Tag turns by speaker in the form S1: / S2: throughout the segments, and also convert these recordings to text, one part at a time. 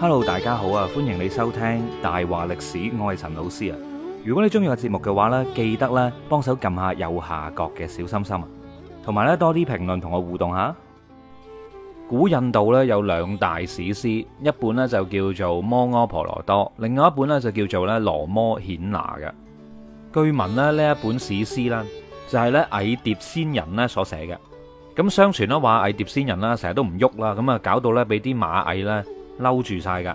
S1: Hello，大家好啊！歡迎你收聽大話歷史，我係陳老師啊。如果你中意我節目嘅話呢，記得咧幫手撳下右下角嘅小心心啊，同埋呢多啲評論同我互動下。古印度呢有兩大史詩，一本呢就叫做《摩訶婆羅多》，另外一本呢就叫做咧《羅摩顯拿》嘅。據聞咧呢一本史詩啦，就係咧蟻蝶仙人呢所寫嘅。咁相傳咧話蟻蝶仙人啦，成日都唔喐啦，咁啊搞到咧俾啲螞蟻咧。嬲住晒㗎，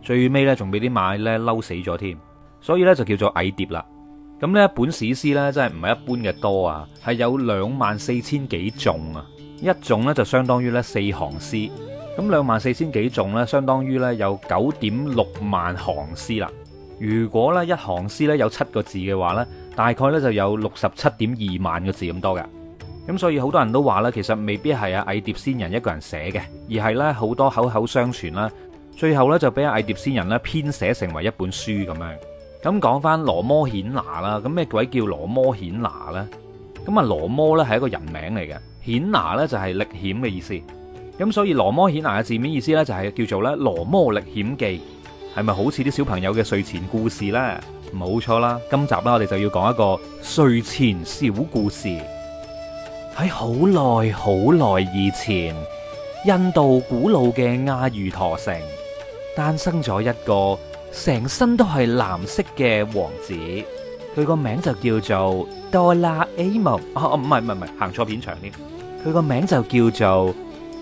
S1: 最尾呢仲俾啲馬咧嬲死咗添，所以呢就叫做蟻蝶啦。咁呢本史詩呢真係唔係一般嘅多啊，係有兩萬四千幾種啊，一種呢就相當於呢四行詩，咁兩萬四千幾種呢相當於呢有九點六萬行詩啦。如果呢一行詩呢有七個字嘅話呢，大概呢就有六十七點二萬個字咁多嘅。咁所以好多人都話呢，其實未必係阿蟻蝶仙人一個人寫嘅，而係呢好多口口相傳啦。最後呢，就俾阿蟻蝶仙人咧編寫成為一本書咁樣。咁講翻羅摩衍那啦，咁咩鬼叫羅摩衍那呢？咁啊羅摩呢係一個人名嚟嘅，衍那呢就係歷險嘅意思。咁所以羅摩衍那嘅字面意思呢，就係叫做呢羅摩歷險記，係咪好似啲小朋友嘅睡前故事呢？冇錯啦，今集啦我哋就要講一個睡前小故事。喺好耐好耐以前，印度古老嘅阿瑜陀城誕生咗一個成身都係藍色嘅王子，佢個名就叫做多啦 A 夢啊！唔係唔係唔係，行錯片場添。佢個名就叫做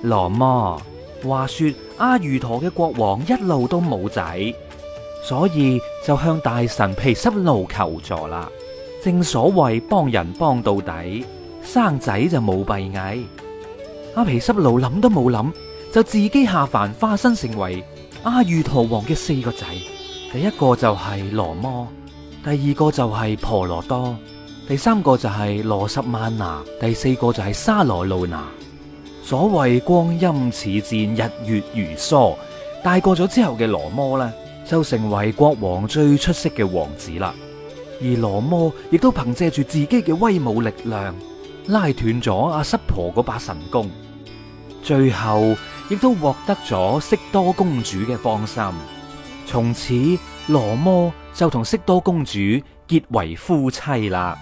S1: 羅摩。話說阿瑜陀嘅國王一路都冇仔，所以就向大神皮濕奴求助啦。正所謂幫人幫到底。生仔就冇閉翳，阿皮濕奴諗都冇諗，就自己下凡化身成為阿裕陀王嘅四個仔，第一個就係羅摩，第二個就係婆羅多，第三個就係羅什曼娜，第四個就係沙羅露娜。所謂光陰似箭，日月如梭，大個咗之後嘅羅摩呢，就成為國王最出色嘅王子啦。而羅摩亦都憑借住自己嘅威武力量。拉斷咗阿濕婆嗰把神弓，最後亦都獲得咗悉多公主嘅芳心。從此羅摩就同悉多公主結為夫妻啦。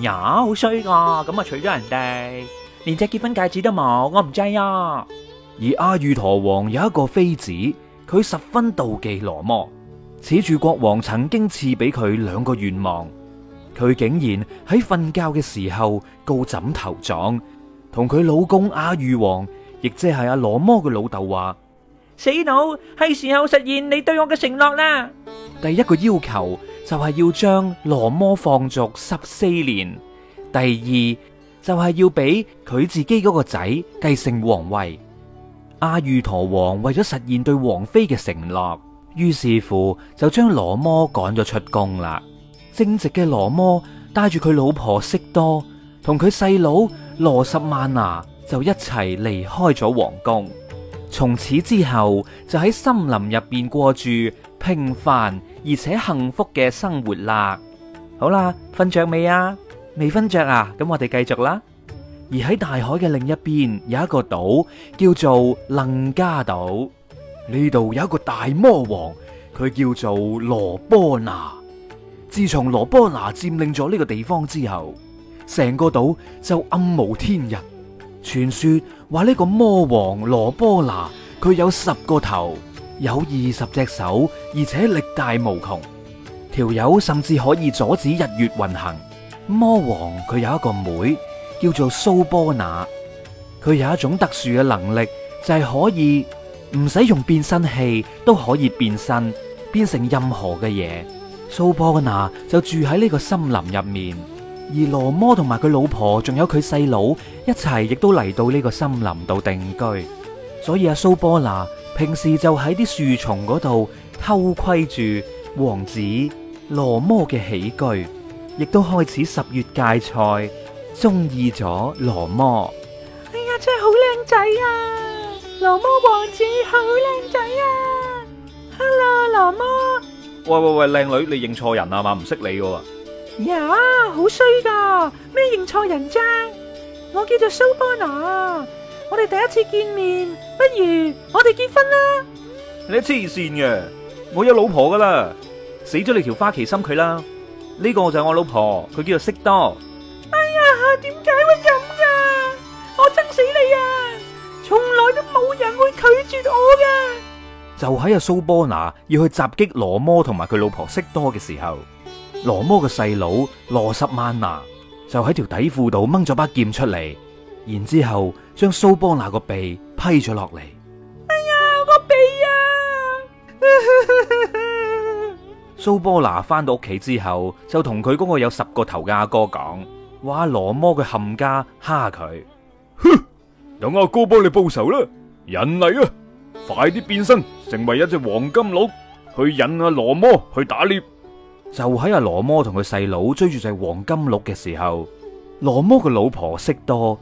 S1: 呀，好衰噶，咁啊娶咗人哋，連隻結婚戒指都冇，我唔制啊！而阿裕陀王有一個妃子，佢十分妒忌羅摩，恃住國王曾經賜俾佢兩個願望。佢竟然喺瞓覺嘅時候告枕頭狀，同佢老公阿裕王，亦即係阿羅摩嘅老豆話：死佬，係時候實現你對我嘅承諾啦！第一個要求就係要將羅摩放逐十四年，第二就係要俾佢自己嗰個仔繼承皇位。阿裕陀王為咗實現對王妃嘅承諾，於是乎就將羅摩趕咗出宮啦。正直嘅羅摩帶住佢老婆悉多同佢細佬羅什曼拿就一齊離開咗皇宮，從此之後就喺森林入邊過住平凡而且幸福嘅生活啦。好啦，瞓着未啊？未瞓着啊？咁我哋繼續啦。而喺大海嘅另一邊有一個島叫做楞伽島，呢度有一個大魔王，佢叫做羅波拿。自從羅波拿佔領咗呢個地方之後，成個島就暗無天日。傳說話呢個魔王羅波拿佢有十個頭，有二十隻手，而且力大無窮，條友甚至可以阻止日月運行。魔王佢有一個妹叫做蘇波拿，佢有一種特殊嘅能力，就係可以唔使用變身器都可以變身變成任何嘅嘢。蘇波娜就住喺呢個森林入面，而羅摩同埋佢老婆仲有佢細佬一齊，亦都嚟到呢個森林度定居。所以阿、啊、蘇波娜平時就喺啲樹叢嗰度偷窺住王子羅摩嘅起居，亦都開始十月芥菜，中意咗羅摩。哎呀，真係好靚仔呀！羅摩王子好靚仔、啊、呀 Hello，羅摩。喂喂喂，靚女，你認錯人啊嘛，唔識你個。呀、yeah,，好衰噶，咩認錯人啫？我叫做蘇邦娜，我哋第一次見面，不如我哋結婚啦。你黐線嘅，我有老婆噶啦，死咗你條花旗參佢啦。呢、這個就係我老婆，佢叫做色多。哎呀，點解會咁噶？我憎死你啊！從來都冇人會拒絕我嘅。就喺阿蘇波拿要去襲擊羅摩同埋佢老婆悉多嘅時候，羅摩嘅細佬羅什曼拿就喺條底褲度掹咗把劍出嚟，然之後將蘇波拿個鼻批咗落嚟。哎呀，我鼻啊！蘇 波拿翻到屋企之後，就同佢嗰個有十個頭嘅阿哥講：話羅摩嘅冚家蝦佢，哼，有阿哥幫你報仇啦，人嚟啊！快啲變身成為一隻黃金鹿，去引阿羅摩去打獵。就喺阿羅摩同佢細佬追住隻黃金鹿嘅時候，羅摩嘅老婆悉多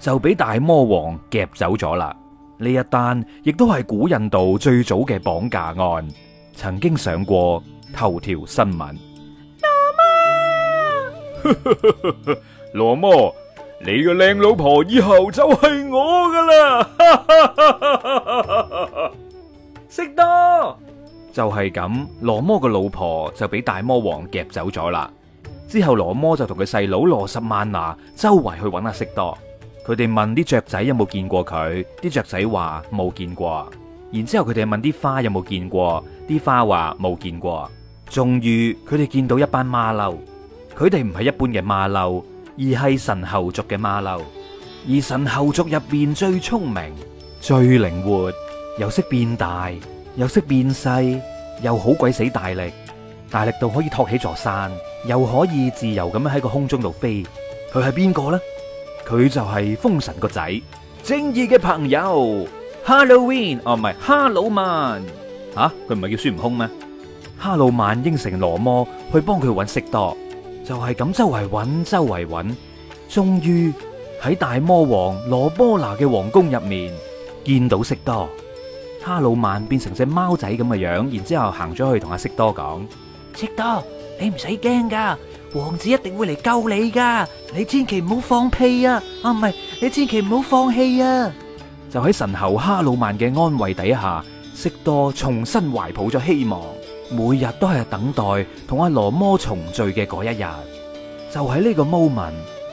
S1: 就俾大魔王夾走咗啦。呢一單亦都係古印度最早嘅綁架案，曾經上過頭條新聞。羅摩，羅摩。 你個靚老婆以後就係我噶啦！ 色多就係咁，羅摩個老婆就俾大魔王夾走咗啦。之後羅摩就同佢細佬羅什曼拿周圍去揾下色多，佢哋問啲雀仔有冇見過佢，啲雀仔話冇見過。然之後佢哋問啲花有冇見過，啲花話冇見過。終於佢哋見到一班馬騮，佢哋唔係一般嘅馬騮。而係神后族嘅馬騮，而神后族入邊最聰明、最靈活，又識變大，又識變細，又好鬼死大力，大力到可以托起座山，又可以自由咁喺個空中度飛。佢係邊個呢？佢就係風神個仔，正義嘅朋友。Halloween，哦唔係，哈魯曼，吓？佢唔係叫孫悟空咩？哈魯曼應承羅摩去幫佢搵色多。就係咁，周圍揾，周圍揾。終於喺大魔王羅波拿嘅皇宮入面見到色多。哈魯曼變成隻貓仔咁嘅樣，然之後行咗去同阿色多講：色多，你唔使驚噶，王子一定會嚟救你噶，你千祈唔好放屁啊！啊，唔係，你千祈唔好放棄啊！就喺神猴哈魯曼嘅安慰底下，色多重新懷抱咗希望。每日都係等待同阿羅摩重聚嘅嗰一日，就喺呢個 moment，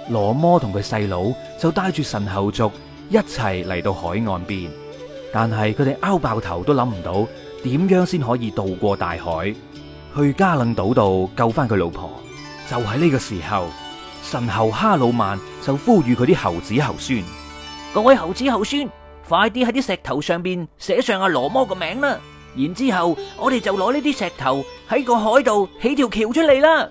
S1: 羅摩同佢細佬就帶住神猴族一齊嚟到海岸邊，但係佢哋拗爆頭都諗唔到點樣先可以渡過大海去嘉令島度救翻佢老婆。就喺呢個時候，神猴哈魯曼就呼籲佢啲猴子猴孫：各位猴子猴孫，快啲喺啲石頭上邊寫上阿羅摩個名啦！然之後，我哋就攞呢啲石頭，喺個海度，起條橋出嚟啦！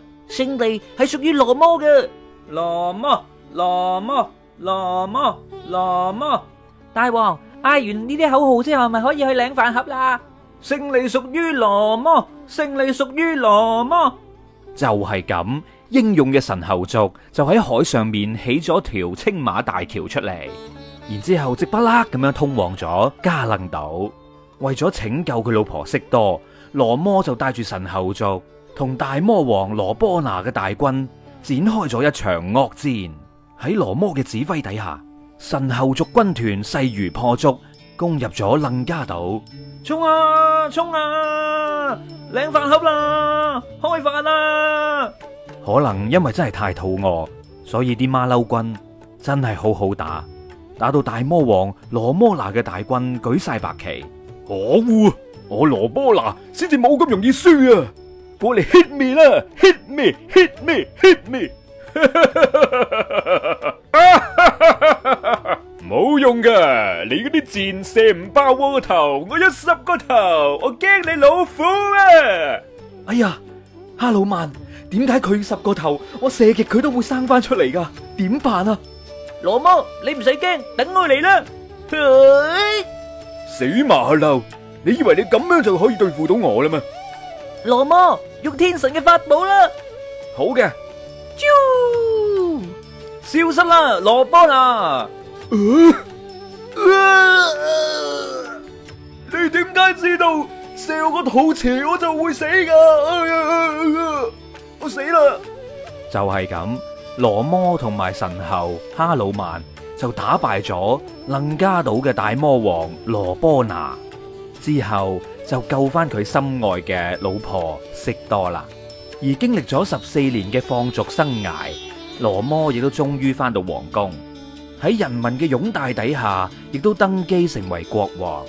S1: 為咗拯救佢老婆識多，羅摩就帶住神后族同大魔王羅波拿嘅大軍展開咗一場惡戰。喺羅摩嘅指揮底下，神后族軍團勢如破竹，攻入咗楞加島。衝啊！衝啊！衝啊！領飯盒啦，開飯啦！可能因為真係太肚餓，所以啲馬騮軍真係好好打，打到大魔王羅摩拿嘅大軍舉晒白旗。可惡！我羅波拿先至冇咁容易輸啊！過嚟 hit me 啦，hit me，hit me，hit me！冇 me, me. 用噶，你嗰啲箭射唔爆我個頭，我一十個頭，我驚你老虎啊！哎呀，哈老曼，點解佢十個頭，我射極佢都會生翻出嚟噶？點辦啊？羅摩，你唔使驚，等我嚟啦！ 死馬騮，你以為你咁樣就可以對付到我啦嘛？羅摩用天神嘅法寶啦，好嘅的，啾，消失啦，羅波納啊，啊，啊！你點解知道射我個肚臍我就會死噶，啊啊啊？我死啦，就係咁，羅摩同埋神猴哈魯曼，就打敗咗楞伽島嘅大魔王羅波那，之後就救翻佢心愛嘅老婆悉多啦。而經歷咗十四年嘅放逐生涯，羅摩亦都終於翻到皇宮。喺人民嘅擁戴底下，亦都登基成為國王。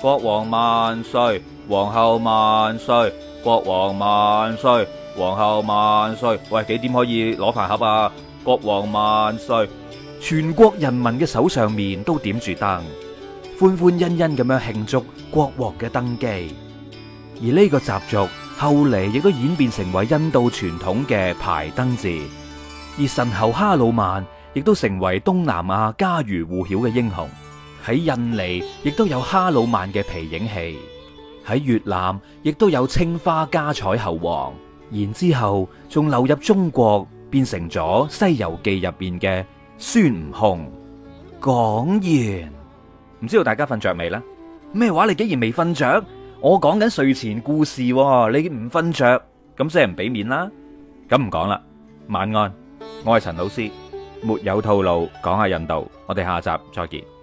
S1: 國王萬歲，皇后萬歲，國王萬歲，皇后萬歲。喂，幾點可以攞飯盒啊？國王萬歲。全國人民嘅手上面都點住燈，歡歡欣欣咁樣慶祝國王嘅登基。而呢個習俗後嚟亦都演變成為印度傳統嘅排燈節。而神猴哈魯曼亦都成為東南亞家喻戶曉嘅英雄。喺印尼亦都有哈魯曼嘅皮影戲，喺越南亦都有青花加彩猴王。然之後仲流入中國，變成咗《西遊記》入邊嘅孫悟空，講完，唔知道大家瞓着未呢？咩話？你竟然未瞓着？我講緊睡前故事，你唔瞓着，咁即係唔俾面啦。咁唔講啦，晚安。我係陳老師，沒有套路，講下印度。我哋下集再見。